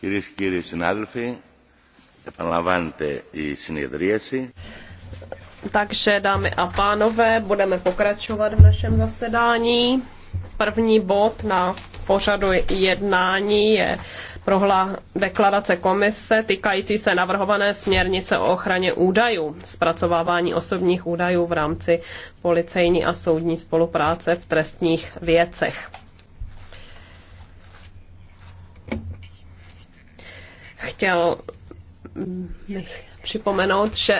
Κυρίες και κύριοι συνάδελφοι, επαναλαμβάνεται η συνεδρίαση. Takže, dámy a pánové, budeme pokračovat v našem zasedání. První bod na pořadu jednání je prohla deklarace komise týkající se navrhované směrnice o ochraně údajů, zpracovávání osobních údajů v rámci policejní a soudní spolupráce v trestních věcech. Chtěl bych připomenout, že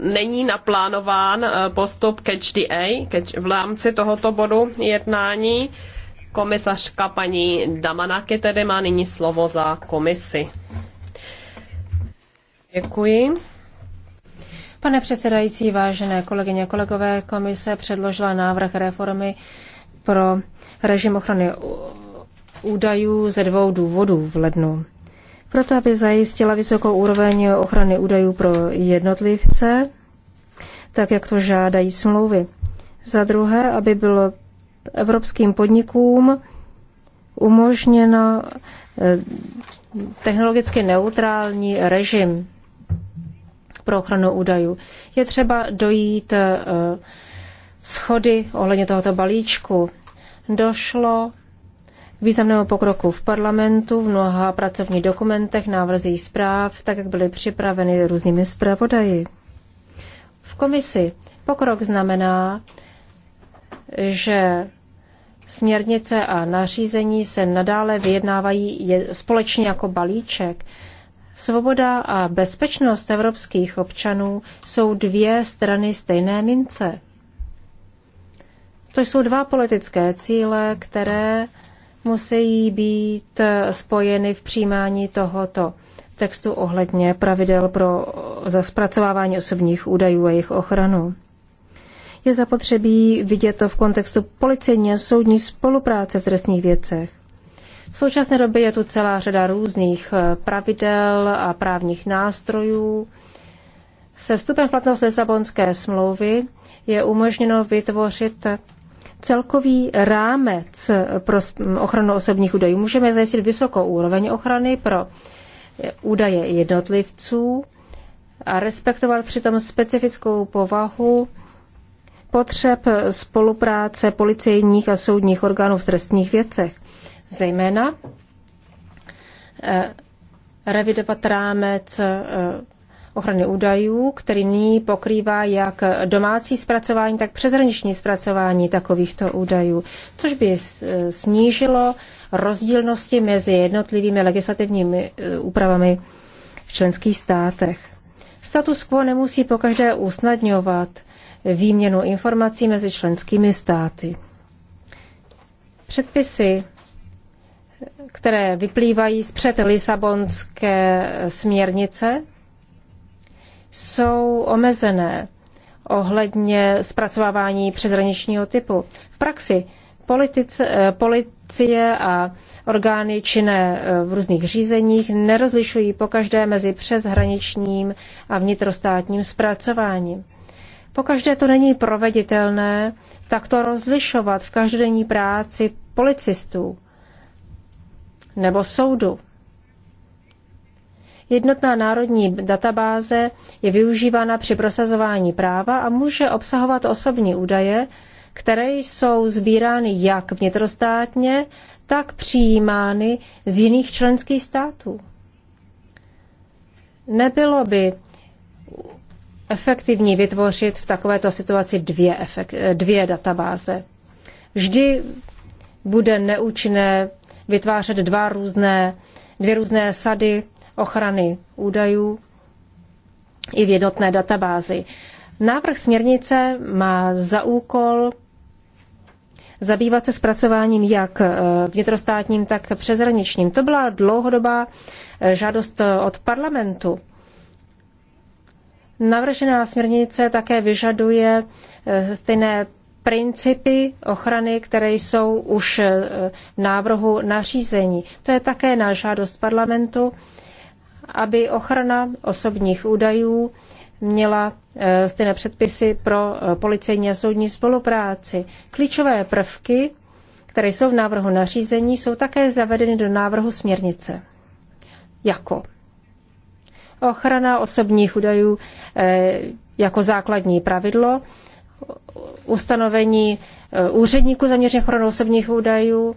není naplánován eh, postup catch the A v rámci tohoto bodu jednání. Komisařka paní Damanaky tedy má nyní slovo za komisi. Děkuji. Pane předsedající, vážené kolegyně kolegové, komise předložila návrh reformy pro režim ochrany údajů ze dvou důvodů v lednu proto aby zajistila vysokou úroveň ochrany údajů pro jednotlivce, tak jak to žádají smlouvy. Za druhé, aby bylo evropským podnikům umožněno eh, technologicky neutrální režim pro ochranu údajů. Je třeba dojít eh, schody ohledně tohoto balíčku. Došlo významného pokroku v parlamentu, v mnoha pracovních dokumentech, návrzích zpráv, tak jak byly připraveny různými zpravodaji. V komisi pokrok znamená, že směrnice a nařízení se nadále vyjednávají společně jako balíček. Svoboda a bezpečnost evropských občanů jsou dvě strany stejné mince. To jsou dva politické cíle, které musí být spojeny v přijímání tohoto textu ohledně pravidel pro zpracovávání osobních údajů a jejich ochranu. Je zapotřebí vidět to v kontextu policejní a soudní spolupráce v trestních věcech. V současné době je tu celá řada různých eh, pravidel a právních nástrojů. Se vstupem v platnost Lisabonské smlouvy je umožněno vytvořit celkový rámec pro ochranu osobních údajů. Můžeme zajistit vysokou úroveň ochrany pro eh, údaje jednotlivců a respektovat přitom specifickou povahu potřeb spolupráce policejních a soudních orgánů v trestních věcech. Zejména eh, revidovat rámec eh, ochrany údajů, který nyní pokrývá jak domácí zpracování, tak přeshraniční zpracování takovýchto údajů, což by snížilo rozdílnosti mezi jednotlivými legislativními e, úpravami v členských státech. Status quo nemusí pokaždé usnadňovat výměnu informací mezi členskými státy. Předpisy, které vyplývají z před Lisabonské směrnice, jsou omezené ohledně zpracovávání přezraničního typu. V praxi politice, eh, policie a orgány činné eh, v různých řízeních nerozlišují pokaždé mezi přeshraničním a vnitrostátním zpracováním. Pokaždé to není proveditelné takto rozlišovat v každodenní práci policistů nebo soudu. Jednotná národní databáze je využívána při prosazování práva a může obsahovat osobní údaje, které jsou sbírány jak vnitrostátně, tak přijímány z jiných členských států. Nebylo by efektivní vytvořit v takovéto situaci dvě, efekt, dvě databáze. Vždy bude neúčinné vytvářet dva různé, dvě různé sady ochrany údajů i v jednotné databázi. Návrh směrnice má za úkol zabývat se zpracováním jak eh, vnitrostátním, tak přezraničním. To byla dlouhodobá eh, žádost eh, od parlamentu. Navržená směrnice také vyžaduje stejné principy ochrany, které jsou už v návrhu nařízení. To je také na žádost parlamentu aby ochrana osobních údajů měla eh, stejné předpisy pro eh, policejní a soudní spolupráci. Klíčové prvky, které jsou v návrhu nařízení, jsou také zavedeny do návrhu směrnice. Jako ochrana osobních údajů eh, jako základní pravidlo, ustanovení úředníků zaměřených ochranu osobních údajů,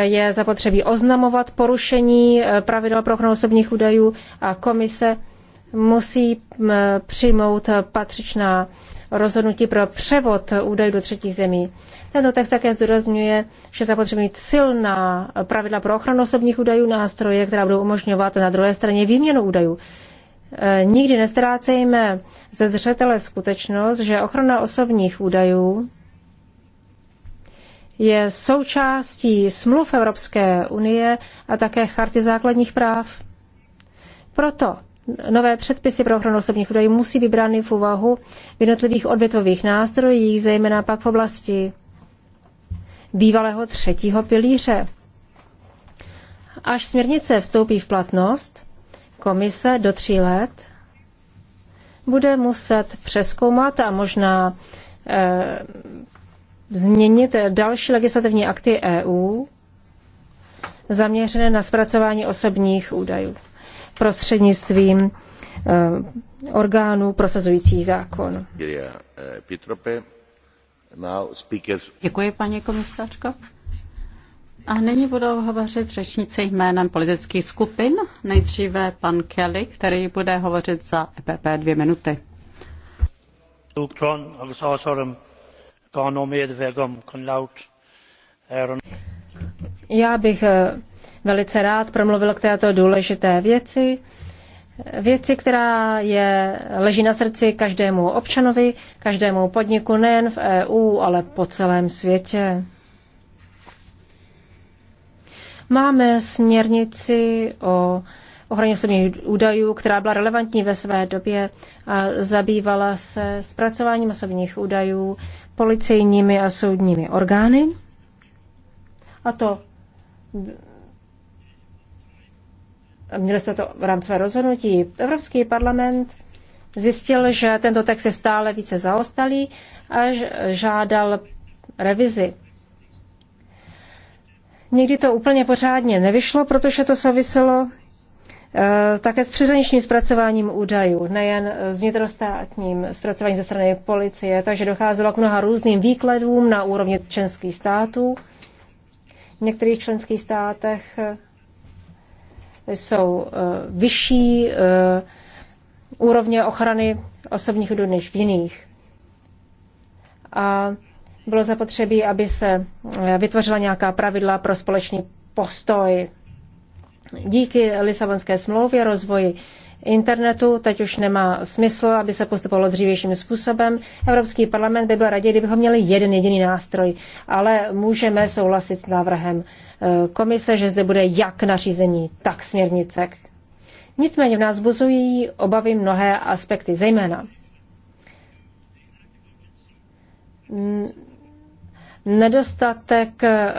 je zapotřebí oznamovat porušení eh, pravidel pro ochranu osobních údajů a komise musí přijmout patřičná rozhodnutí pro převod údajů do třetích zemí. Tento text také zdůrazňuje, že zapotřebí mít silná pravidla pro ochranu osobních údajů, nástroje, která budou umožňovat na druhé straně výměnu údajů. Eh, nikdy nestrácejme ze zřetele skutečnost, že ochrana osobních údajů je součástí smluv Evropské unie a také charty základních práv. Proto nové předpisy pro ochranu osobních údajů musí vybrány v úvahu v jednotlivých odvětvových nástrojích, zejména pak v oblasti bývalého třetího pilíře. Až směrnice vstoupí v platnost, komise do tří let bude muset přeskoumat a možná eh, změnit další legislativní akty EU zaměřené na zpracování osobních údajů prostřednictvím eh, orgánů prosazující zákon. Eh, Děkuji, paní komisařko. A nyní budou hovořit řečníci jménem politických skupin. Nejdříve pan Kelly, který bude hovořit za EPP dvě minuty. Já bych eh, velice rád promluvil k této důležité věci. Věci, která je, leží na srdci každému občanovi, každému podniku nejen v EU, ale po celém světě. Máme směrnici o ochraně osobních údajů, která byla relevantní ve své době a zabývala se zpracováním osobních údajů policejními a soudními orgány. A to měli jsme to v rámci rozhodnutí. Evropský parlament zjistil, že tento text je stále více zaostalý a žádal revizi. Nikdy to úplně pořádně nevyšlo, protože to souviselo Eh, také s přeshraničním zpracováním údajů, nejen s vnitrostátním zpracováním ze strany policie, takže docházelo k mnoha různým výkladům na úrovni členských států. V některých členských státech eh, jsou eh, vyšší úrovně ochrany osobních údajů než v jiných. A bylo zapotřebí, aby se vytvořila nějaká pravidla pro společný postoj Díky Lisabonské smlouvě rozvoji internetu teď už nemá smysl, aby se postupovalo dřívějším způsobem. Evropský parlament by byl raději, kdybychom měli jeden jediný nástroj, ale můžeme souhlasit s návrhem eh, komise, že zde bude jak nařízení, tak směrnice. Nicméně v nás buzují obavy mnohé aspekty, zejména mm, nedostatek eh,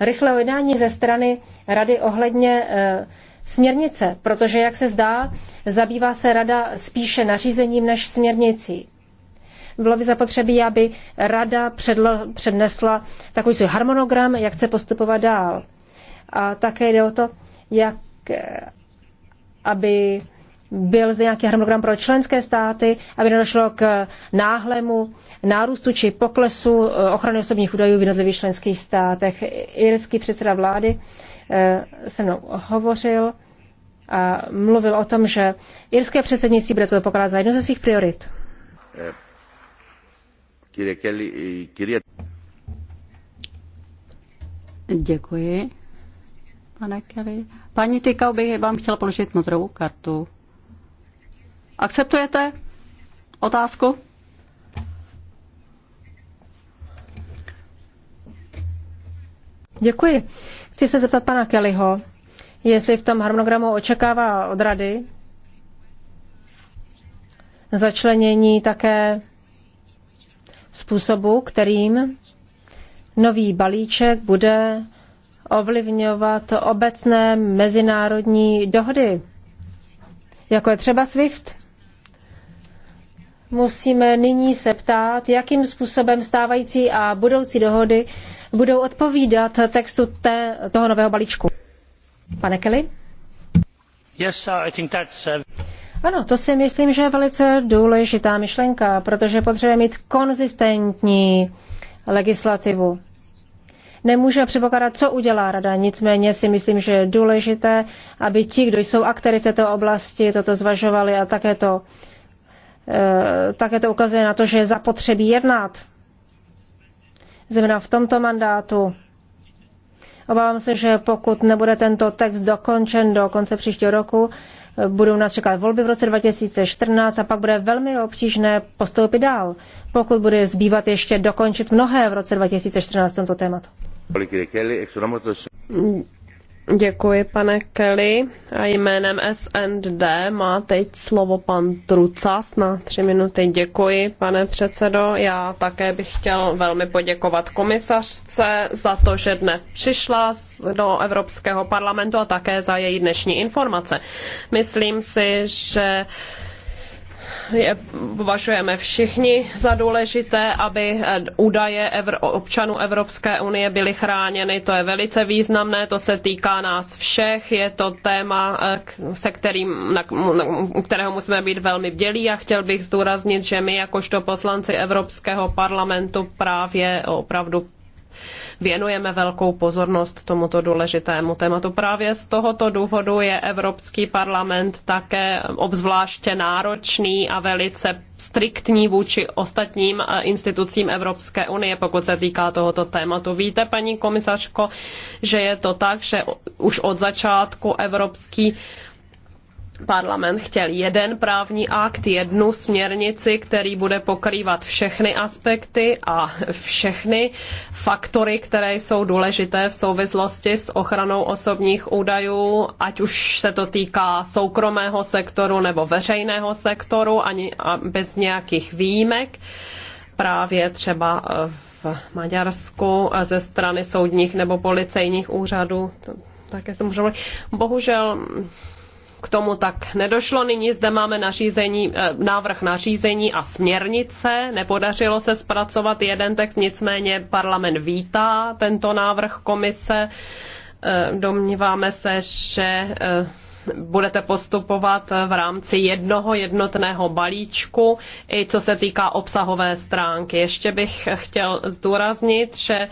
rychlého jednání ze strany rady ohledně eh, směrnice, protože, jak se zdá, zabývá se rada spíše nařízením než směrnicí. Bylo by zapotřebí, aby rada předlo, přednesla takový svůj harmonogram, jak chce postupovat dál. A také jde o to, jak eh, aby byl zde nějaký harmonogram pro členské státy, aby nedošlo k náhlému nárůstu či poklesu eh, ochrany osobních údajů v jednotlivých členských státech. Irský předseda vlády eh, se mnou hovořil a mluvil o tom, že irské předsednictví bude to pokládat za jednu ze svých priorit. Děkuji, pane Kelly. Paní Tykau bych vám chtěla položit modrou kartu. Akceptujete otázku? Děkuji. Chci se zeptat pana Kellyho, jestli v tom harmonogramu očekává od rady začlenění také způsobu, kterým nový balíček bude ovlivňovat obecné mezinárodní dohody, jako je třeba SWIFT musíme nyní se ptát, jakým způsobem stávající a budoucí dohody budou odpovídat textu té, toho nového balíčku. Pane Kelly? Yes, sir, I think that's, uh... Ano, to si myslím, že je velice důležitá myšlenka, protože potřebujeme mít konzistentní legislativu. Nemůžeme předpokládat, co udělá rada, nicméně si myslím, že je důležité, aby ti, kdo jsou aktéry v této oblasti, toto zvažovali a také to Eh, také to ukazuje na to, že je zapotřebí jednat. Zejména v tomto mandátu. Obávám se, že pokud nebude tento text dokončen do konce příštího roku, budou nás čekat volby v roce 2014 a pak bude velmi obtížné postoupit dál, pokud bude zbývat ještě dokončit mnohé v roce 2014 tento tématu. Děkuji, pane Kelly. A jménem SND má teď slovo pan Trucas na tři minuty. Děkuji, pane předsedo. Já také bych chtěl velmi poděkovat komisařce za to, že dnes přišla do Evropského parlamentu a také za její dnešní informace. Myslím si, že je, považujeme všichni za důležité, aby eh, údaje evr, občanů Evropské unie byly chráněny. To je velice významné, to se týká nás všech, je to téma, eh, se kterým, na, u kterého musíme být velmi bdělí a chtěl bych zdůraznit, že my jakožto poslanci Evropského parlamentu právě opravdu Věnujeme velkou pozornost tomuto důležitému tématu. Právě z tohoto důvodu je Evropský parlament také obzvláště náročný a velice striktní vůči ostatním institucím Evropské unie, pokud se týká tohoto tématu. Víte, paní komisařko, že je to tak, že už od začátku Evropský Parlament chtěl jeden právní akt, jednu směrnici, který bude pokrývat všechny aspekty a všechny faktory, které jsou důležité v souvislosti s ochranou osobních údajů, ať už se to týká soukromého sektoru nebo veřejného sektoru, ani bez nějakých výjimek. Právě třeba eh, v Maďarsku eh, ze strany soudních nebo policejních úřadů. Také se můžeme. Bohužel k tomu tak nedošlo. Nyní zde máme nařízení, eh, návrh nařízení a směrnice. Nepodařilo se zpracovat jeden text, nicméně parlament vítá tento návrh komise. Eh, domníváme se, že eh, budete postupovat v rámci jednoho jednotného balíčku, i co se týká obsahové stránky. Ještě bych chtěl zdůraznit, že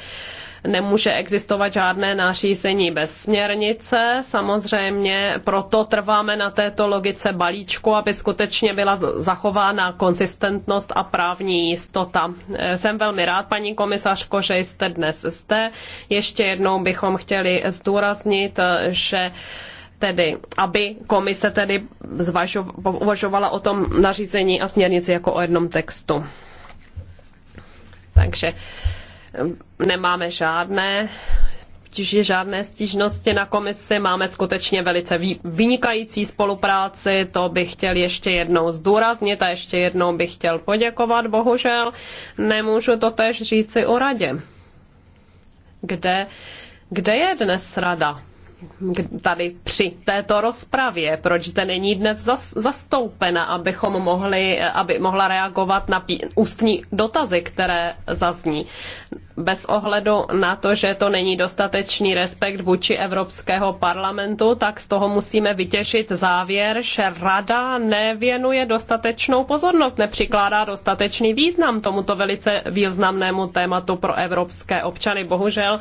nemůže existovat žádné nařízení bez směrnice. Samozřejmě proto trváme na této logice balíčku, aby skutečně byla zachována konsistentnost a právní jistota. Jsem velmi rád, paní komisařko, že jste dnes zde. Ještě jednou bychom chtěli zdůraznit, že tedy, aby komise tedy zvažo, uvažovala o tom nařízení a směrnici jako o jednom textu. Takže Nemáme žádné že žádné stížnosti na komisi, máme skutečně velice vynikající spolupráci, to bych chtěl ještě jednou zdůraznit a ještě jednou bych chtěl poděkovat. Bohužel nemůžu to tež říci o radě. Kde, kde je dnes rada? tady při této rozpravě, proč zde není dnes zas, zastoupena, abychom mohli, aby mohla reagovat na pí, ústní dotazy, které zazní. Bez ohledu na to, že to není dostatečný respekt vůči Evropského parlamentu, tak z toho musíme vytěžit závěr, že Rada nevěnuje dostatečnou pozornost, nepřikládá dostatečný význam tomuto velice významnému tématu pro evropské občany. Bohužel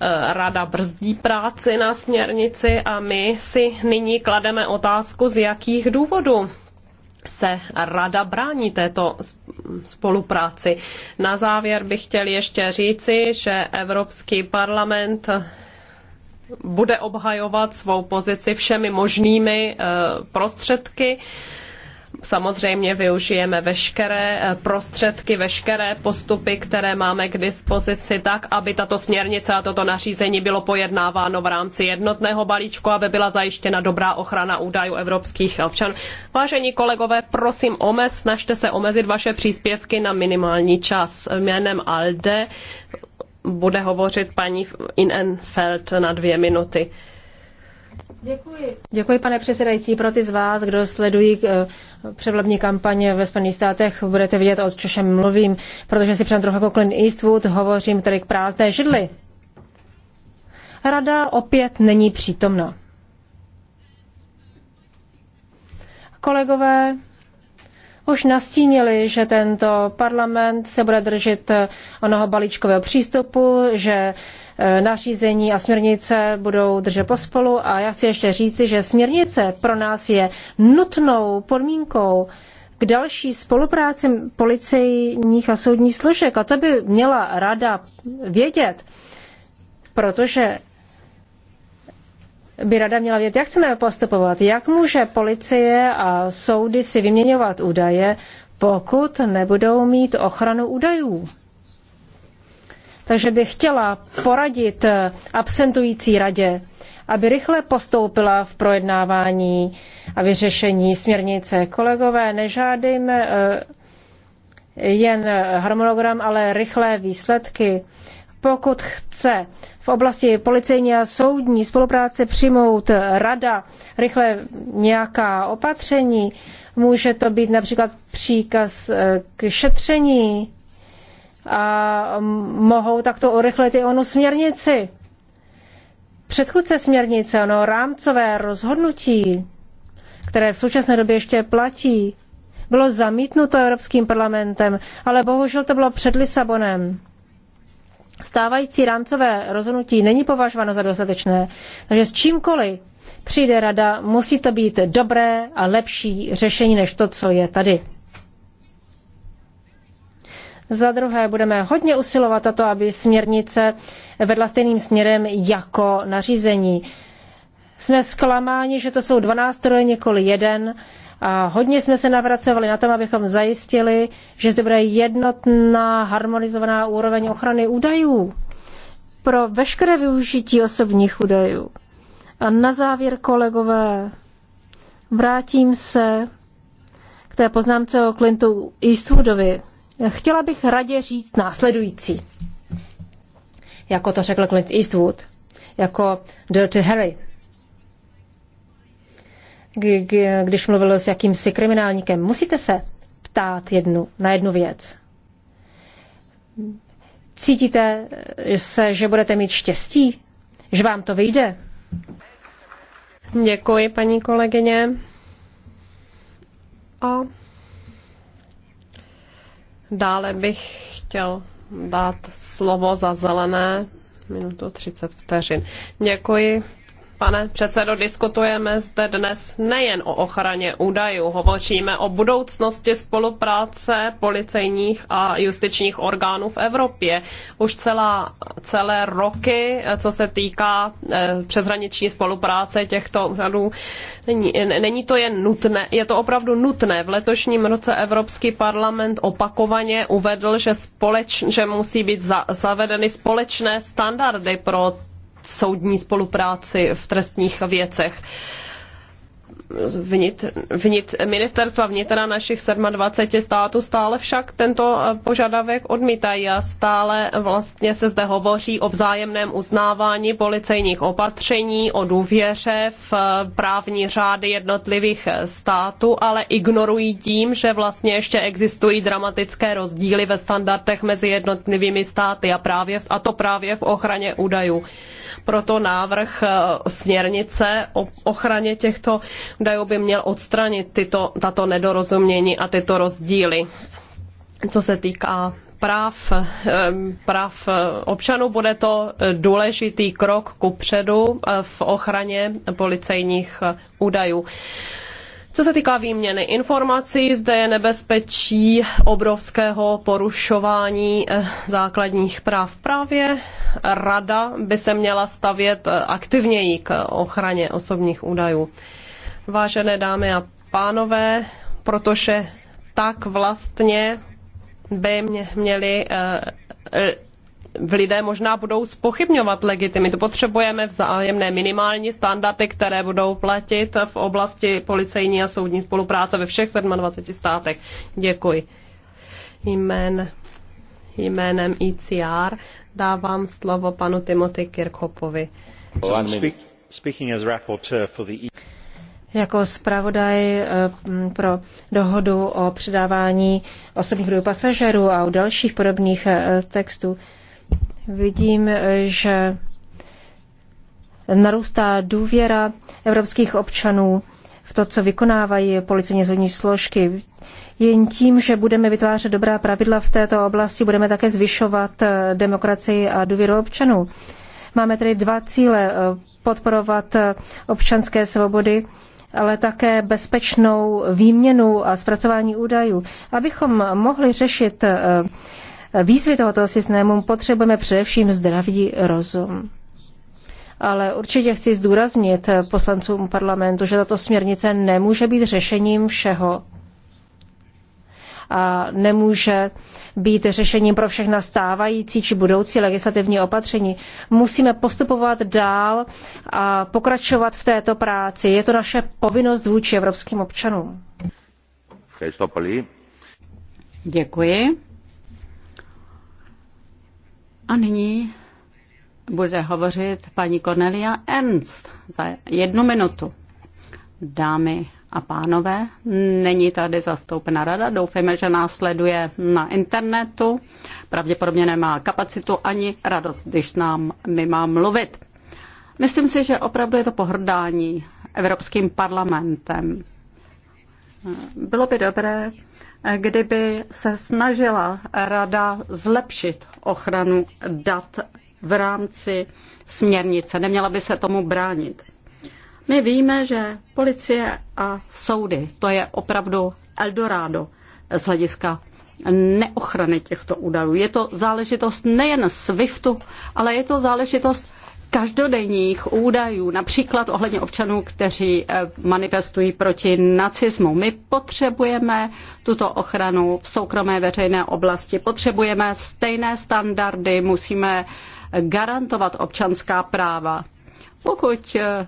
Eh, rada brzdí práci na směrnici a my si nyní klademe otázku, z jakých důvodů se rada brání této spolupráci. Na závěr bych chtěl ještě říci, že Evropský parlament bude obhajovat svou pozici všemi možnými eh, prostředky samozřejmě využijeme veškeré eh, prostředky, veškeré postupy, které máme k dispozici, tak, aby tato směrnice a toto nařízení bylo pojednáváno v rámci jednotného balíčku, aby byla zajištěna dobrá ochrana údajů evropských občanů. Vážení kolegové, prosím, omez, snažte se omezit vaše příspěvky na minimální čas. Jménem ALDE bude hovořit paní Inenfeld na dvě minuty. Děkuji. Děkuji, pane předsedající. Pro ty z vás, kdo sledují eh, převlební kampaně ve Spojených státech, budete vidět, o čem mluvím, protože si přijám trochu jako Clint Eastwood, hovořím tady k prázdné židli. Rada opět není přítomna. Kolegové, už nastínili, že tento parlament se bude držet eh, onoho balíčkového přístupu, že eh, nařízení a směrnice budou držet pospolu a já chci ještě říci, že směrnice pro nás je nutnou podmínkou k další spolupráci policejních a soudních složek a to by měla rada vědět, protože by rada měla vědět, jak chceme postupovat, jak může policie a soudy si vyměňovat údaje, pokud nebudou mít ochranu údajů. Takže bych chtěla poradit eh, absentující radě, aby rychle postoupila v projednávání a vyřešení směrnice. Kolegové, nežádejme eh, jen harmonogram, ale rychlé výsledky. Pokud chce v oblasti policejní a soudní spolupráce přijmout rada rychle nějaká opatření, může to být například příkaz eh, k šetření a mohou takto urychlit i onu směrnici. Předchůdce směrnice, ono rámcové rozhodnutí, které v současné době ještě platí, bylo zamítnuto Evropským parlamentem, ale bohužel to bylo před Lisabonem stávající rámcové rozhodnutí není považováno za dostatečné, takže s čímkoliv přijde rada, musí to být dobré a lepší řešení než to, co je tady. Za druhé budeme hodně usilovat o to, aby směrnice vedla stejným směrem jako nařízení. Jsme zklamáni, že to jsou 12 stroje, nikoli jeden a hodně jsme se navracovali na tom, abychom zajistili, že zde bude jednotná harmonizovaná úroveň ochrany údajů pro veškeré využití osobních údajů. A na závěr, kolegové, vrátím se k té poznámce o Clintu Eastwoodovi. Chtěla bych radě říct následující. Jako to řekl Clint Eastwood, jako Dirty Harry když mluvil s jakýmsi kriminálníkem. Musíte se ptát jednu, na jednu věc. Cítíte se, že budete mít štěstí? Že vám to vyjde? Děkuji, paní kolegyně. A dále bych chtěl dát slovo za zelené minutu 30 vteřin. Děkuji, Pane předsedo, diskutujeme zde dnes nejen o ochraně údajů, hovoříme o budoucnosti spolupráce policejních a justičních orgánů v Evropě. Už celá, celé roky, co se týká eh, přeshraniční spolupráce těchto úřadů, není, není to jen nutné, je to opravdu nutné. V letošním roce Evropský parlament opakovaně uvedl, že, společ, že musí být za, zavedeny společné standardy pro soudní spolupráci v trestních věcech vnit, vnit, ministerstva vnitra našich 27 států stále však tento eh, požadavek odmítají a stále vlastně se zde hovoří o vzájemném uznávání policejních opatření, o důvěře v eh, právní řády jednotlivých eh, států, ale ignorují tím, že vlastně ještě existují dramatické rozdíly ve standardech mezi jednotlivými státy a, právě, a to právě v ochraně údajů. Proto návrh směrnice o ochraně těchto údajů by měl odstranit tyto, tato nedorozumění a tyto rozdíly. Co se týká práv, práv občanů, bude to důležitý krok kupředu eh, v ochraně policejních eh, údajů. Co se týká výměny informací, zde je nebezpečí obrovského porušování eh, základních práv. Právě rada by se měla stavět aktivněji k ochraně osobních údajů. Vážené dámy a pánové, protože tak vlastně by mě, měli v eh, eh, lidé možná budou spochybňovat legitimitu. Potřebujeme vzájemné minimální standardy, které budou platit v oblasti policejní a soudní spolupráce ve všech 27 státech. Děkuji. Jmén, jménem ICR dávám slovo panu Timothy Kirchhoffovi. So jako zpravodaj eh, pro dohodu o předávání osobních údajů pasažerů a u dalších podobných eh, textů vidím, eh, že narůstá důvěra evropských občanů v to, co vykonávají policejní zhodní složky. Jen tím, že budeme vytvářet dobrá pravidla v této oblasti, budeme také zvyšovat demokracii a důvěru občanů. Máme tedy dva cíle. Podporovat občanské svobody ale také bezpečnou výměnu a zpracování údajů. Abychom mohli řešit eh, výzvy tohoto systému, potřebujeme především zdravý rozum. Ale určitě chci zdůraznit eh, poslancům parlamentu, že tato směrnice nemůže být řešením všeho nemůže být řešením pro všechna stávající či budoucí legislativní opatření. Musíme postupovat dál a pokračovat v této práci. Je to naše povinnost vůči evropským občanům. Děkuji. A nyní bude hovořit paní Cornelia Ernst za jednu minutu. Dámy a pánové. Není tady zastoupena rada, doufejme, že nás sleduje na internetu. Pravděpodobně nemá kapacitu ani radost, když nám my má mluvit. Myslím si, že opravdu je to pohrdání Evropským parlamentem. Bylo by dobré, kdyby se snažila rada zlepšit ochranu dat v rámci směrnice. Neměla by se tomu bránit. My víme, že policie a soudy, to je opravdu Eldorado z hlediska neochrany těchto údajů. Je to záležitost nejen SWIFTu, ale je to záležitost každodenních údajů, například ohledně občanů, kteří eh, manifestují proti nacismu. My potřebujeme tuto ochranu v soukromé veřejné oblasti, potřebujeme stejné standardy, musíme garantovat občanská práva. Pokud eh,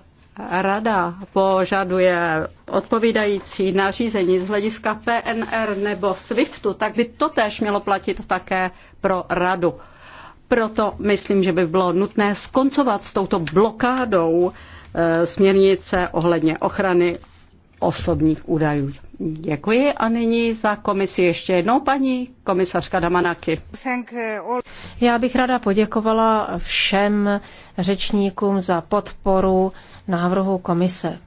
rada požaduje odpovídající nařízení z hlediska PNR nebo SWIFTu, tak by to též mělo platit také pro radu. Proto myslím, že by bylo nutné skoncovat s touto blokádou eh, směrnice ohledně ochrany osobních údajů. Děkuji a nyní za komisi ještě jednou paní komisařka Damanaki. Já bych ráda poděkovala všem řečníkům za podporu návrhu komise.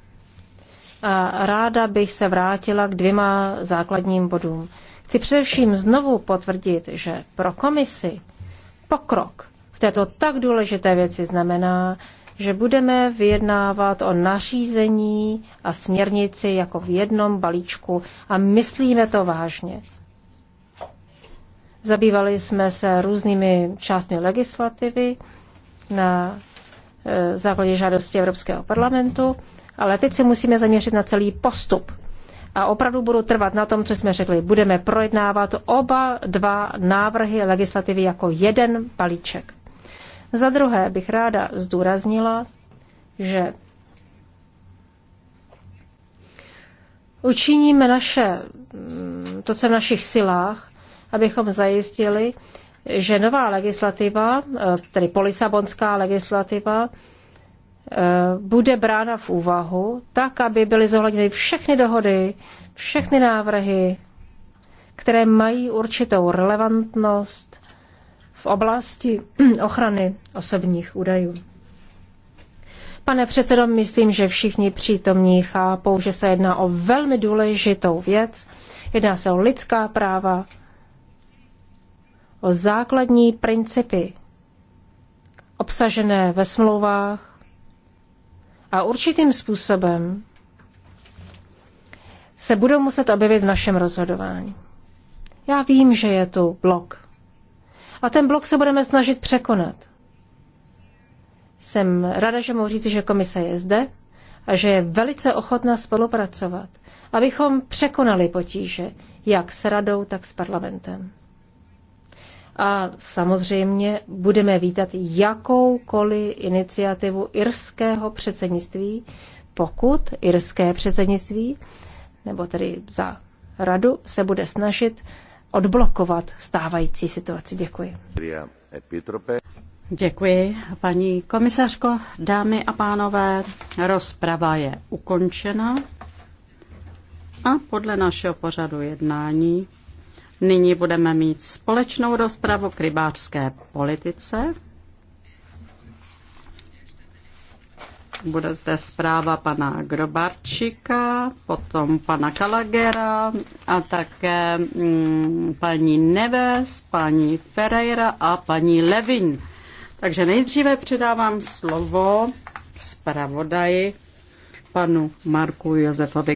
A ráda bych se vrátila k dvěma základním bodům. Chci především znovu potvrdit, že pro komisi pokrok v této tak důležité věci znamená, že budeme vyjednávat o nařízení a směrnici jako v jednom balíčku a myslíme to vážně. Zabývali jsme se různými částmi legislativy na e, základě žádosti Evropského parlamentu, ale teď se musíme zaměřit na celý postup. A opravdu budu trvat na tom, co jsme řekli. Budeme projednávat oba dva návrhy legislativy jako jeden balíček. Za druhé bych ráda zdůraznila, že učiníme naše, mm, to, co v našich silách, abychom zajistili, že nová legislativa, e, tedy polisabonská legislativa, e, bude brána v úvahu tak, aby byly zohledněny všechny dohody, všechny návrhy, které mají určitou relevantnost v oblasti ochrany osobních údajů. Pane předsedo, myslím, že všichni přítomní chápou, že se jedná o velmi důležitou věc. Jedná se o lidská práva, o základní principy obsažené ve smlouvách a určitým způsobem se budou muset objevit v našem rozhodování. Já vím, že je tu blok a ten blok se budeme snažit překonat. Jsem ráda, že mohu říci, že komise je zde a že je velice ochotná spolupracovat, abychom překonali potíže, jak s radou, tak s parlamentem. A samozřejmě budeme vítat jakoukoliv iniciativu irského předsednictví, pokud irské předsednictví, nebo tedy za radu, se bude snažit odblokovat stávající situaci. Děkuji. Děkuji, paní komisařko. Dámy a pánové, rozprava je ukončena a podle našeho pořadu jednání nyní budeme mít společnou rozpravu k rybářské politice. Bude zde zpráva pana Grobarčika, potom pana Kalagera a také mm, paní Neves, paní Ferreira a paní Levin. Takže nejdříve předávám slovo zpravodaji panu Marku Josefovi